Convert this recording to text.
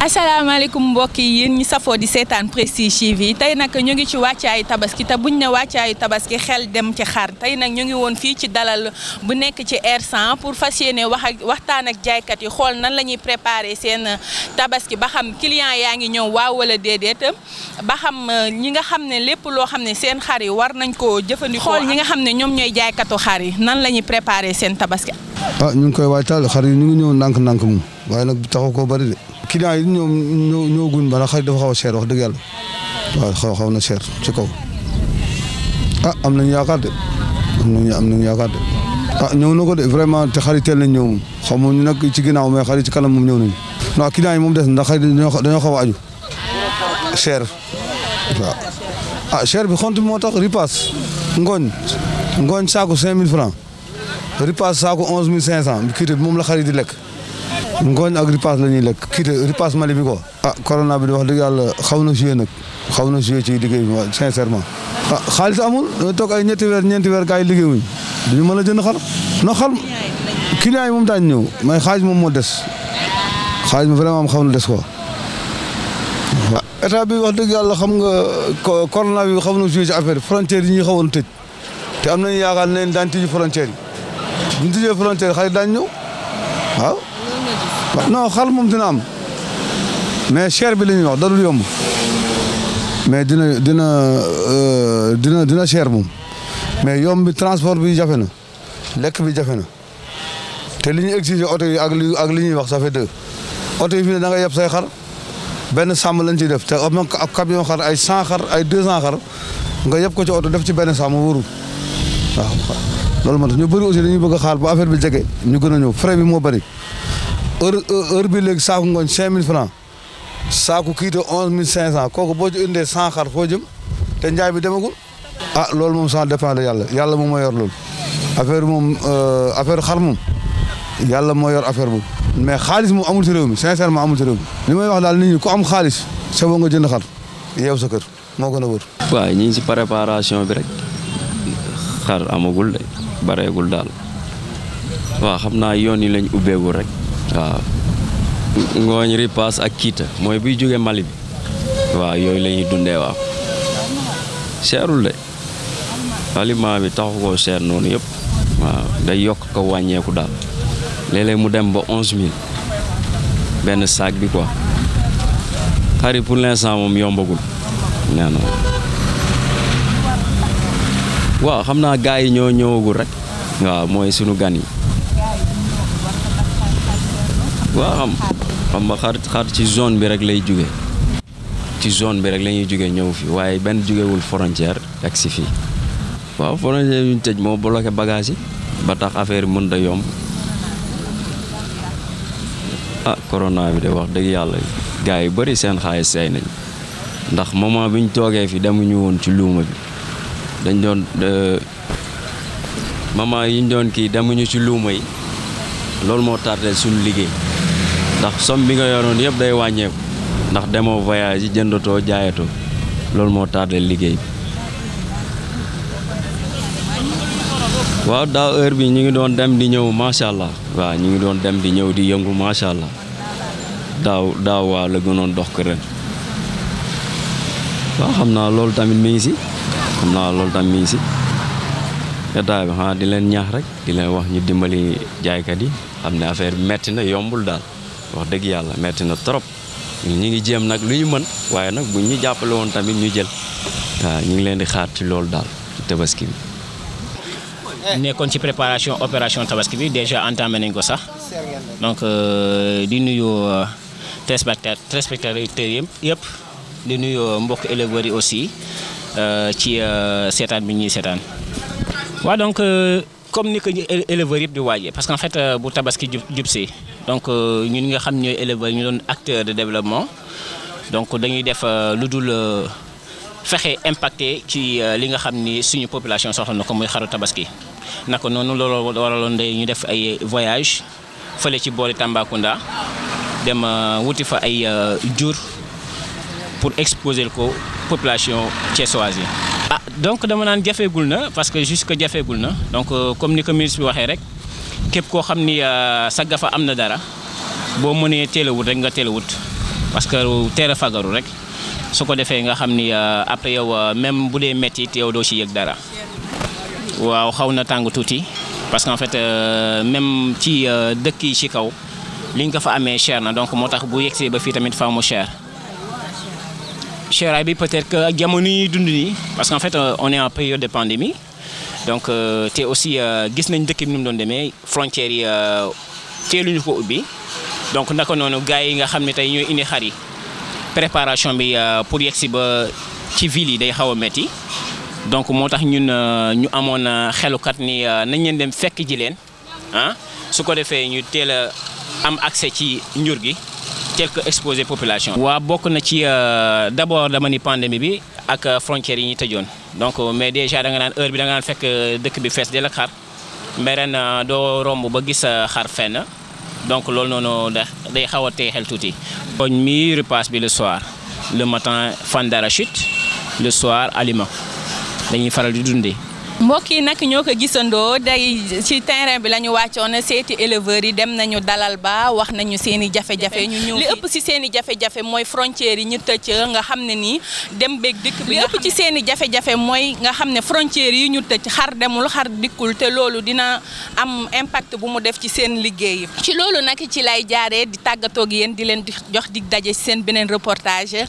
asalaamaaleykum mbokk yi yéen ñi safoo di seetaan Prestige TV tey nag ñu ngi ci wàccaayu tabaski te buñ ne wàccaayu tabaski xel dem ci xar tey nag ñu ngi woon fii ci dalal bu nekk ci R100 pour fas yéene wax waxtaan ak jaaykat yi xool nan la ñuy préparer seen tabaski ba xam client yaa ngi ñëw waaw wala déedéet ba xam euh, ñi nga xam ne lépp loo xam ne seen xar yi war nañ koo jëfandikoo. ñi nga xam ne ñoom ñooy jaaykatu xar yi nan la ñuy préparer seen tabaski. Ah, ñu ngi koy waajtaal xar yi ñu ngi ñëw ndànk-ndànk moom waaye nag taxu koo bari de. client yi ñoom ñoo ñoo gun ba xarit dafa xaw a wax dëgg yàlla waaw xaw na cher ci kaw ah am nañu yaakaar de am nañu am nañu yaakaar de ah ñëw na ko de vraiment te xarit teel nañ ñëw moom xamoo ñu nag ci ginnaaw mais xarit ci kanam moom ñëw nañu non client yi moom des ndax xarit dañoo xaw a aju cher waaw ah cher bi xont moo tax ripaas ngooñ ngooñ saako 5000 francs ripaas saako 11500 bi kiite bi moom la xarit di lekk ngooñ ak ripaas la ñuy lekk kii de ripaas Mali bi ko ah corona bi di wax dëgg yàlla xaw na joué nag xaw na joué ci liggéey bi sincèrement ah xaalis amul dañoo toog ay ñetti weer ñeenti weer gars yi liggéeyuñ duñu mën a jën xar no xar client yi moom daañ ñëw mais xaalis moom moo des xaalis mi vraiment xaw na des ko quoi état bi wax dëgg yàlla xam nga corona bi xaw na joué ci affaire frontière yi ñuy xawoon tëj te am nañu yaakaar ne daañ tijji frontière yi buñ tijjee frontière xaalis daañ non xal moom dina am mais cher bi la ñuy wax dadul yom mais dina dina euh, dina dina cher moom mais yomb bi transport bi jafe na lekk bi jafe na te li ñu exiger oto yi ak li ak li ñuy wax ça fait deux oto yi fi ne da nga yeb say xar benn sàmm lañ ciy def te am ak camion xar ay cent xar ay deux cent xar nga yeb ko ci oto def ci benn sàmm wóorul waaw loolu moo tax ñu bëri aussi dañuy bëgg a xaar ba affaire bi jege ñu gën a ñëw frais bi moo bari heure heure bi léegi saako ngooñ cinq mille franc saako kiite onze mille cinq cent kooku boo ci indee cent xar foo jëm te njaay bi demagul ah loolu moom sans dépend de yàlla yàlla moom moo yor loolu affaire moom euh, affaire xar moom yàlla moo yor affaire boobu mais xaalis moom amul si réew mi sincèrement amul mi li may wax daal nit ñi ko am xaalis sa boo nga jënd xar yeew sa kër moo gën a wër waaw ñu ngi si préparation bi rek xar amagul de bareegul daal waaw xam naa yoon yi lañ ubbeegul rek waaw ah. ngooñ ripaas ak kiita mooy buy jóge Mali bi wa yoy lañuy dundé wa waaw seerul de aliment bi taxu ko seer non yépp wa day yok ko wàññeeku daal léeg-léeg mu dem ba 11000 ben sac bi quoi xari pour l'instant mom yombagul nee wa xamna gaay naa ñoo ñëwagul rek wa moy suñu gan yi waaw xam xam nga xar xar ci zone bi rek lay jóge ci zone bi rek lañuy ñuy jóge ñëw fii waaye benn jógewul frontière ak si fii waaw frontière yu ñu tëj moo bloqué bagage yi ba tax affaire yi mën da yomb ah corona bi de wax dëgg yàlla gars yu bari seen xaalis seey nañ ndax moment bi ñu toogee fi demuñu woon ci luuma bi dañ doon moment yi doon kii demuñu ci luuma yi loolu moo tardé suñu liggéey ndax somme bi nga yoroon yëpp day wàññeeku ndax demoo voyage yi jëndatoo jaayatoo loolu moo tardé liggéey bi waaw daaw heure bi ñu ngi doon dem di ñëw macha allah waaw ñu ngi doon dem di ñëw di yëngu macha allah daaw daaw waaw la gënoon dox ko ren waaw xam naa loolu tamit mi ngi si xam naa loolu tamit mi ngi si état bi xanaa di leen ñaax rek di leen wax ñu dimbali jaaykat yi xam ne affaire bi metti na yombul daal wax dëgg yàlla metti na trop ñu ngi jéem nag lu ñu mën waaye nag bu ñu jàppale woon tamit ñu jël waaw ñu ngi leen di xaar ci loolu daal ci tabaski bi. nekkoon ci préparation opération tabaski bi déjà entamé nañ ko sax donc euh, di nuyu euh, téléspectateurs yëpp yëpp di nuyu euh, mbokk éleveurs yi aussi ci seetaan bi ñuy seetaan waaw donc comme ni que éleveurs yëpp di waajee parce qu'en fait euh, bu tabaski jub jub donc euh, ñun nga xam ñoy éleveurs ñu don acteur de développement donc dañuy def euh, lu fexé impacté ci li nga xam ni suñu population soxla na ko muy xaru tabaski nako nonu lolo waralon day ñu def ay voyage feulé ci boori tambakunda dem wuti fa ay jour pour exposer ko population thiessoise yi donc dama naan jafeegul na parce que jusque jafeegul na donc euh, comme ni ko ministre bi waxee rek képp koo xam ni euh, sa gafa am na dara boo mënee teel a wut rek nga teel wut parce que teel a fagaru rek su ko defee nga xam ni euh, après yow même bu dee métti it yow doo ci yëg dara. waaw xaw na tàng tuuti parce que en fait même ci dëkk yi ci kaw liñ ko fa amee chair na donc moo tax bu yegsee ba fii tamit faaw mu cher. Cher Abi, peut-être que Diamoni Dunduni, parce qu'en fait, euh, on est en période de pandémie. Donc, euh, tu es aussi, euh, Gisne Ndeke Mnumdondeme, frontière, euh, tu es l'unique Ubi. Donc, on a connu nos gars qui ont été en Inehari. Préparation pour y accéder ci ville yi day xaw a donc moo tax ñun ñu amoon xelukat ni nañ leen dem fekk ji leen ah su ko defee ñu am accès ci njur quelques exposés population. Wa bokk na ci euh, d'abord dama ni pandémie bi ak euh, frontières yi ni tëjoon donc euh, mais déjà da nga nan heure bi da nga naan fekk dëkk bi fess del ak xar mais ren doo ba gis xar fenn donc loolu nono day xaw a xel mi repas, bi le soir le matin fan d'arachide le soir aliment dañuy faral di dundee. mbokk yi nag ñoo ko gisandoo day ci terrain bi la ñu wàccoon seeti éleveurs yi dem nañu dalal ba wax nañu seen i jafe-jafe ñu ñëw li ëpp ci seen i jafe-jafe mooy frontières yi ñu tëj nga xam ne nii dem beeg bi ci seen i jafe-jafe mooy nga xam ne frontières yi ñu tëj xar demul xar dikkul te loolu dina am impact bu mu def ci seen liggéey ci loolu nag ci lay jaaree di tàggatoog yéen di leen jox di daje seen beneen reportage